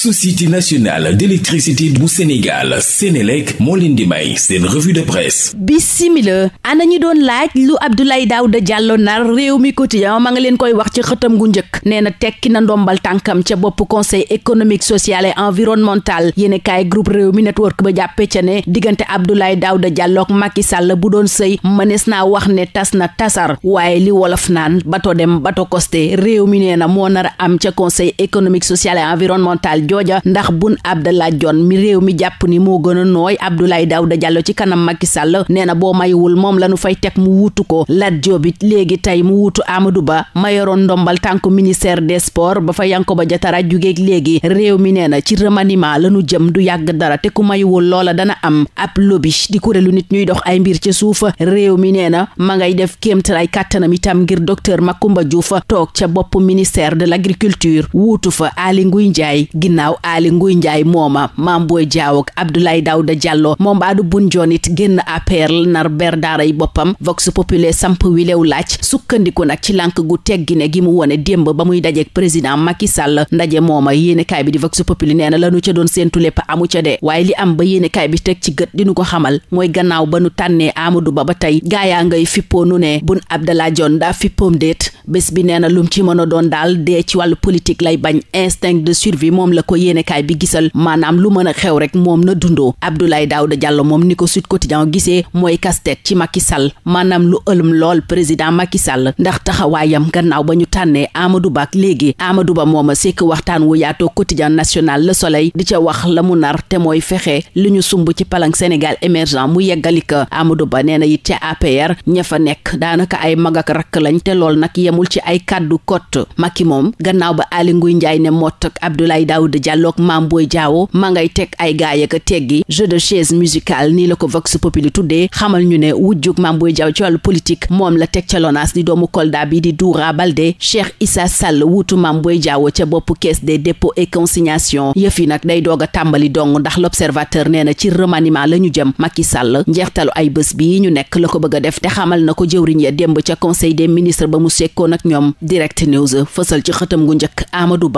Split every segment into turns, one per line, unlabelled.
société nationale d'électricité bu Sénégal Sénélec moo leen di may seen revue de presse bisimila ana ñu doon laaj lu Abdoulaye Daouda Diallo nar réew mi quotidien ma nga leen koy wax ca xëtam gu njëkk nee na tekki na ndombal tànkam ca bopp conseil économique social et environnemental yéene kaay groupe réew mi network ba jàppee ca ne diggante Abdoulaye Daouda jàllook ak Macky Sall bu doon sëy mënees naa wax ne tas na tasar waaye li wolof naan bato dem bato costé réew mi nee na moo nar am ca conseil économique social et environnemental jooja ndax Boun Abdallah Dionne mi réew mi jàpp ni moo gën a nooy Abdoulaye Daouda Diallo ci kanam Macky Sall nee na boo mayiwul moom la nu fay teg mu wuutu ko Lat Diop it léegi tey mu wuutu amadu Ba ma ndombal tànk ministère des sports ba fa Yankoba Diattara jugeeg léegi réew mi nee na ci remaniement la nu jëm du yàgg dara te ku mayiwul loola dana am ab lobby di kuréelu nit ñuy dox ay mbir ca suufa réew mi nee na ma ngay def ay kàttanam itam ngir docteur Macoumba Diouf toog ca bopp ministère de l'agriculture wuutu fa Aly Ngouille Ndiaye ginnaaw Aly Ngouille Ndiaye mooma Mame Boye Diao ak da Daouda Diallo moom Aly Ngouille Ndiaye it génn APR nar ber daaray boppam Vox Populi samp wilew laaj sukkandiku nag ci lànk gu teggine gi mu wone démb ba muy dajeek président Macky Sall ndaje mooma yéenekaay bi di Vox Populi nee na lanu ca doon seentu lépp ca de waaye li am ba yéenekaay bi teg ci gët dinu ko xamal mooy gannaaw ba nu tànnee Amadou Ba ba tey gaayaa ngay fippoo nu ne Boun Abdallah Dionne daa fippoom déet bés bi nee na lum ci mën a doon daal dee ci wàllu politique lay bañ instinct de survie moom la ko yéenekaay bi gisal maanaam lu mën a xew rek moom na dundoo Abdoulaye Daouda Diallo moom ni ko Sud Quotidien gisee mooy casse-tête ci Macky Sall maanaam lu ëlëm lool président Macky Sall ndax taxawaayam gannaaw ba ñu tànnee Amadou Ba léegi Amadou Ba mooma sekk waxtaan wu yaatoo Quotidien national Le Soleil di ca wax la mu nar te mooy fexe li ñu sumb ci palang Sénégal émergent mu yeggali ko Amadou Ba nee na it ca APR ña fa nekk daanaka ay magak ak lañ te nag yemul ci ay kàddu kott moom gannaaw dialogue Mame Boye ma ngay teg ay gaay ak teggi jeu de chaise musicale ni la ko Vox Populi tuddee xamal ñu ne wujjug Mame Boye Diao ci wàllu politique moom la teg ca Lonaas di doomu Kolda bi di Doura Baldé Cheikh Issa Sall wuutu Mame Boye Diao ca bopp caisse de dépôts et consignations yëf yi nag day doog a tàmbali dong ndax l'observateur nee na ci remaniement la ñu jëm Macky Sall njeextalu ay bés bi ñu nekk la ko bëgg a def te xamal na ko jëwriñ ya démb ca conseil des ministres ba mu sekkoon ak ñoom direct news fësal ci xëtam gu njëkk Amadou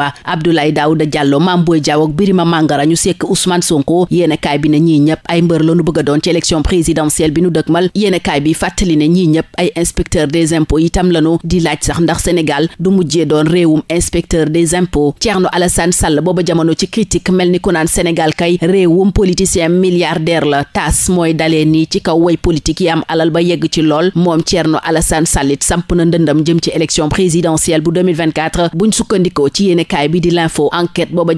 Mame Boye Diao ak Birima Mangara ñu sekk Ousmane Sonko yéene kaay bi ne ñii ñëpp ay mbër la nu a doon ci élection présidentielle bi nu dëkkmal yéene kaay bi fàttali ne ñii ñëpp ay inspecteur des impôts itam lanu di laaj sax ndax Sénégal du mujjee doon réewum inspecteur des impôts Thierno Alassane Sall booba jamono ci critique mel ni ku naan Sénégal kay réewum politicien milliardaire la taas mooy dalee nii ci kaw way politique yi alal ba yegg ci lool moom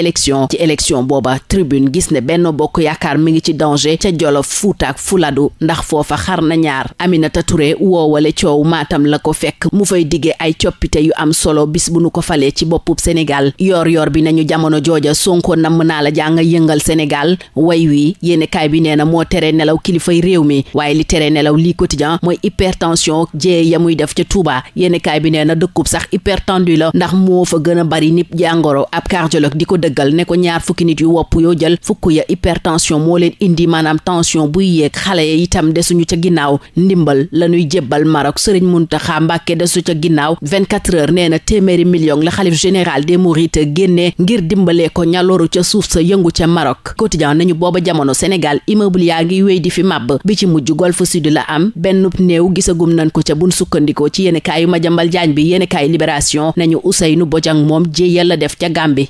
élection ci élection booba tribune gis ne benn Bokk Yaakaar mu ngi ci danger ca Jolof Fuuta ak Fuladu ndax foofa xar na ñaar Aminata Touré woowale coow maatam la ko fekk mu fay diggee ay coppite yu am solo bis bu nu ko falee ci boppub Sénégal yoor yoor bi nañu jamono jooja Sonko namm naa la jàng yëngal Sénégal way wii yennkaay bi nee na moo tere nelaw kilifay réew mi waaye li tere nelaw lii quotidien mooy hypertension jee ya muy def ca Touba yéene bi nee na dëkkub sax hypertendu ndax dëggal ne ko ñaar fukki nit yu wopp yoo jël fukk ya hypertension moo leen indi maanaam tension buy yeeg xale ya itam desuñu ca ginnaaw ndimbal la ñuy jébbal Maroc Serigne Mountakha Mbacké desu ca ginnaaw 24 heures nee na téeméeri million la xalif général des mourides génnee ngir dimbalee ko ñalooru ca suuf sa yëngu ca marok Maroc quotidien nañu booba jamono Sénégal immeuble yaa ngi wéy di fi màbb bi ci mujj Golf Sud la am bennub néew gisagum nañ ko ca bun sukkandikoo ci yéene kaay yu ma bi yéene libération nañu Ousseynou Bojang moom jéeyal la def ca Gàmbi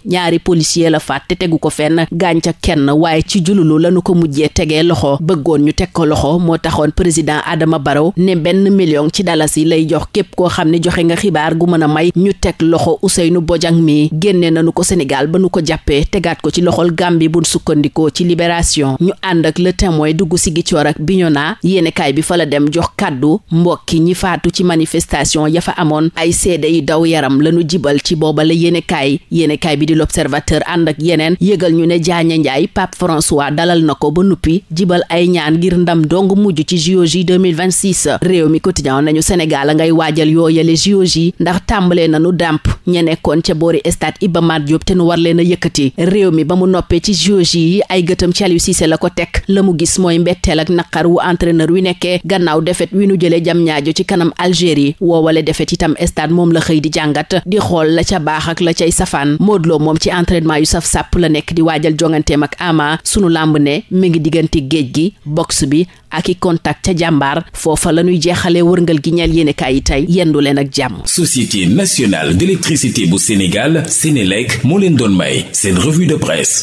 policier te tegu ko fenn gaañ ca kenn waaye ci jululu lañu ko mujjee tegee loxo bëggoon ñu teg ko loxo moo taxoon président Adama Barrow ne benn million ci dalasi lay jox képp koo xam ne joxe nga xibaar gu mën a may ñu teg loxo nu Bodiang mi génne nañu ko Sénégal ba nu ko jàppee tegaat ko ci loxol Gambie bu sukkandikoo ci libération ñu ànd ak le témoin dugg si Ziguinchor ak naa yéenekaay bi fa la dem jox kàddu mbokki ñi faatu ci manifestation ya fa amoon ay seede daw yaram la yéenekaay l'observateur ànd ak yeneen yëgal ñu ne Diagne Ndiaye Pape François dalal na ko ba nuppi jibal ay ñaan ngir ndam dong mujj ci JOJ 2026 réew mi quotidien nañu Sénégal a ngay waajal yooyale JOJ ndax tàmbalee nu dàmp ñe nekkoon ca boori stade Iba Mar Diop te nu war leen a yëkkati réew mi ba mu noppee ci JOJ yi ay gëtam ci Aliou Cissé la ko teg la mu gis mooy mbetteel ak naqar wu entraîneur wi nekkee gannaaw defet wi nu jële jam ñaajo ci kanam Algérie woowale defet itam stade moom la xëy di jàngat di xool la ca baax la cay safaan événement yu saf sàpp la nekk di waajal jonganteem ak ama sunu làmb ne mi ngi diggante géej gi box bi ak i contact ca jàmbaar foofa la ñuy jeexalee wërngal gi ñeel yéenekaay yi tey yendu leen ak jàmm. Société nationale d'électricité bu Sénégal Sénélec moo leen doon may seen revue de presse.